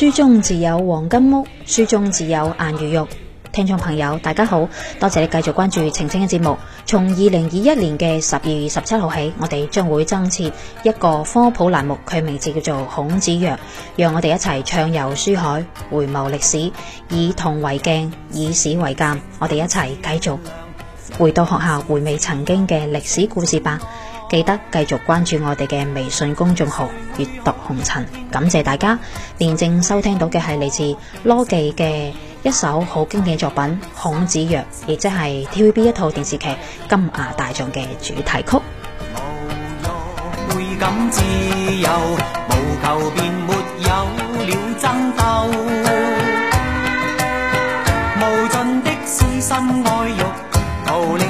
書中自有黃金屋，書中自有顏如玉。聽眾朋友，大家好，多謝你繼續關注晴晴嘅節目。從二零二一年嘅十二月十七號起，我哋將會增設一個科普欄目，佢名字叫做《孔子曰》，讓我哋一齊暢遊書海，回眸歷史，以銅為鏡，以史為鑑。我哋一齊繼續回到學校，回味曾經嘅歷史故事吧。記得繼續關注我哋嘅微信公眾號《閱讀紅塵》，感謝大家！現正收聽到嘅係嚟自羅文嘅一首好經典作品《孔子曰》，亦即係 TVB 一套電視劇《金牙大狀》嘅主題曲。無盡的深愛欲，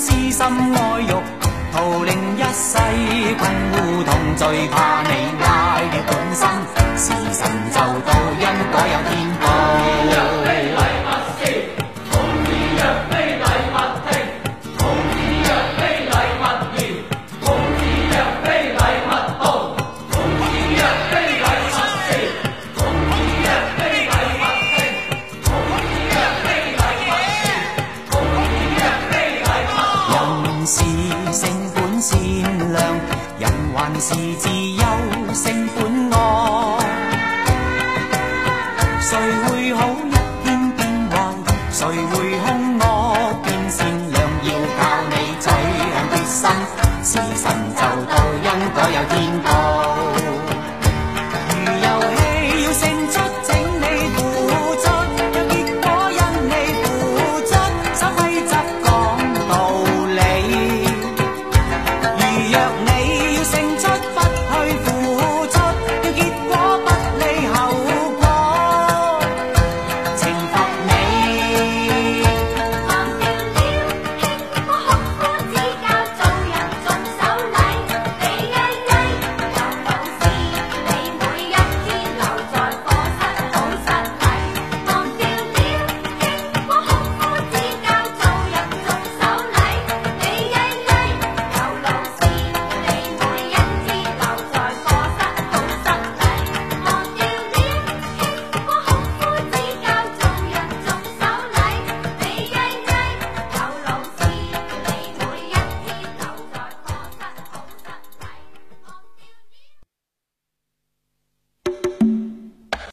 私心愛慾，徒令一世困苦痛，共最怕你壞了半生。凡事自由性本愛，誰會好一天變幻，誰會凶惡變善良？要靠你嘴硬決心，時辰就到因果有天報。